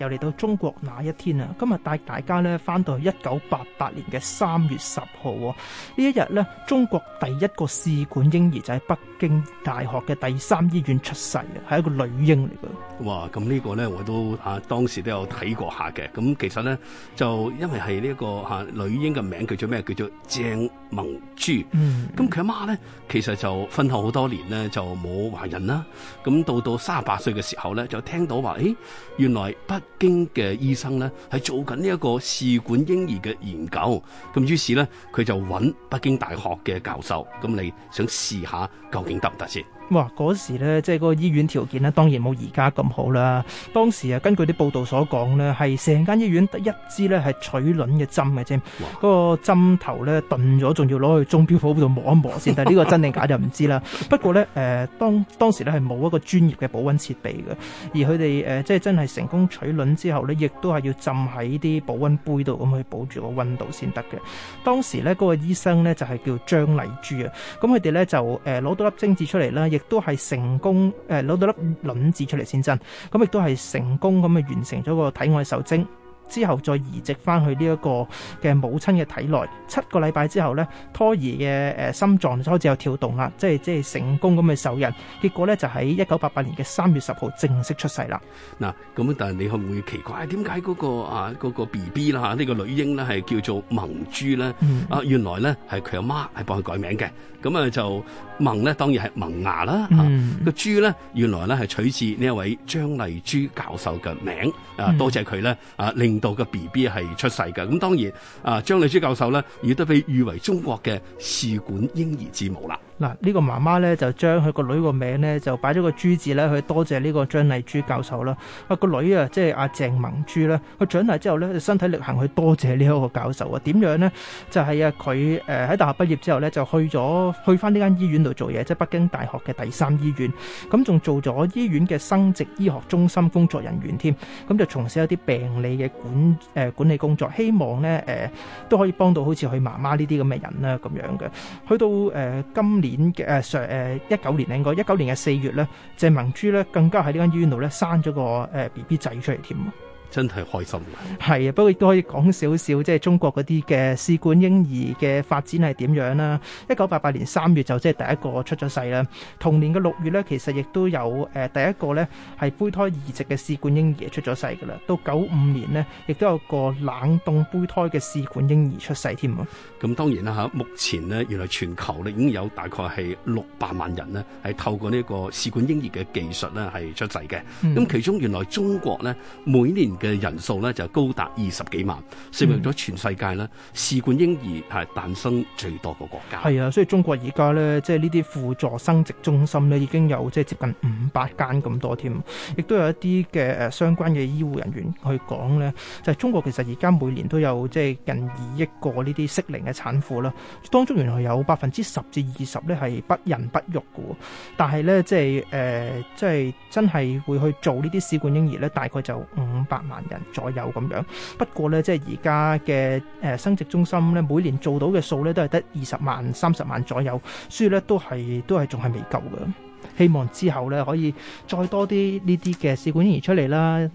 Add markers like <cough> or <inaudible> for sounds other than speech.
又嚟到中國那一天啦！今日帶大家咧翻到去一九八八年嘅三月十號呢一日咧，中國第一個試管嬰兒就喺北京大學嘅第三醫院出世係係一個女嬰嚟嘅。哇！咁呢個咧我都啊，當時都有睇過下嘅。咁其實咧就因為係呢一個吓、啊、女嬰嘅名叫做咩？叫做鄭萌珠。嗯。咁佢阿媽咧其實就婚後好多年咧就冇懷孕啦。咁到到三十八歲嘅時候咧就聽到話誒、欸，原來不。京嘅醫生咧係做緊呢一個試管嬰兒嘅研究，咁於是咧佢就揾北京大學嘅教授，咁你想試下究竟得唔得先。哇！嗰時咧，即係嗰個醫院條件呢，當然冇而家咁好啦。當時啊，根據啲報道所講呢，係成間醫院得一支咧係取卵嘅針嘅啫。嗰哇個針頭咧鈍咗，仲要攞去鐘錶鋪度磨一磨先。 <laughs> 但呢個真定假就唔知啦。不過咧，誒、呃、當當時咧係冇一個專業嘅保溫設備嘅，而佢哋、呃、即係真係成功取卵之後咧，亦都係要浸喺啲保溫杯度咁去保住個溫度先得嘅。當時咧嗰、那個醫生咧就係、是、叫張麗珠啊。咁佢哋咧就誒攞、呃、到粒精子出嚟啦，亦都係成功，誒，攞到粒卵子出嚟先真，咁亦都係成功咁啊完成咗個體外受精。之後再移植翻去呢一個嘅母親嘅體內，七個禮拜之後呢，胎兒嘅誒心臟就開始有跳動啦，即係即係成功咁嘅受孕。結果呢，就喺一九八八年嘅三月十號正式出世啦。嗱、嗯、咁、嗯、但係你會唔會奇怪？點解嗰個啊嗰、嗰個 B B 啦，呢個女嬰呢係叫做萌珠呢？嗯、啊，原來呢係佢阿媽係幫佢改名嘅。咁啊就萌呢，當然係萌芽啦。個、啊、珠、嗯、呢，原來呢係取自呢一位張麗珠教授嘅名。啊，多謝佢呢。啊，另。到嘅 BB 係出世嘅，咁當然啊，張麗珠教授咧，亦都被譽為中國嘅試管嬰兒之母啦。嗱，個媽媽呢個媽媽咧就將佢個女個名咧就擺咗個珠字咧去多謝呢個張麗珠教授啦。啊，個女即啊即係阿鄭萌珠咧，佢長大之後咧身體力行去多謝呢一個教授啊。點樣咧就係啊佢誒喺大學畢業之後咧就去咗去翻呢間醫院度做嘢，即係北京大學嘅第三醫院。咁仲做咗醫院嘅生殖醫學中心工作人員添。咁就從事一啲病理嘅管誒、呃、管理工作，希望咧誒、呃、都可以幫到好似佢媽媽呢啲咁嘅人啦咁樣嘅。去到誒、呃、今年。演嘅誒上誒一九年咧個一九年嘅四月咧，鄭文珠咧更加喺呢間醫院度咧生咗個誒 B B 仔出嚟添。真係開心的啊！係啊，不過亦都可以講少少，即係中國嗰啲嘅試管嬰兒嘅發展係點樣啦。一九八八年三月就即係第一個出咗世啦。同年嘅六月呢，其實亦都有誒第一個呢係胚胎移植嘅試管嬰兒出咗世㗎啦。到九五年呢，亦都有個冷凍胚胎嘅試管嬰兒出世添啊！咁當然啦嚇，目前呢，原來全球咧已經有大概係六百萬人呢係透過呢個試管嬰兒嘅技術呢係出世嘅。咁其中原來中國呢，每年嘅人數咧就高達二十幾萬，成為咗全世界咧試管嬰兒係誕生最多個國家。係啊，所以中國而家咧，即係呢啲輔助生殖中心咧，已經有即係接近五百間咁多添。亦都有一啲嘅誒相關嘅醫護人員去講咧，就係、是、中國其實而家每年都有即係近二億個呢啲適齡嘅產婦啦。當中原來有百分之十至二十咧係不孕不育嘅，但係咧即係誒、呃、即係真係會去做這些呢啲試管嬰兒咧，大概就五百。萬人左右咁樣，不過呢，即係而家嘅誒生殖中心呢，每年做到嘅數呢都係得二十萬、三十萬左右，所以呢都係都係仲係未夠嘅。希望之後呢可以再多啲呢啲嘅試管嬰兒出嚟啦。